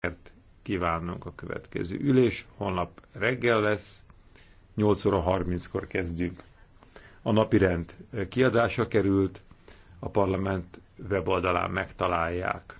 sikert kívánunk a következő ülés. Holnap reggel lesz, 8 óra 30-kor kezdjük. A napirend kiadása került, a parlament weboldalán megtalálják.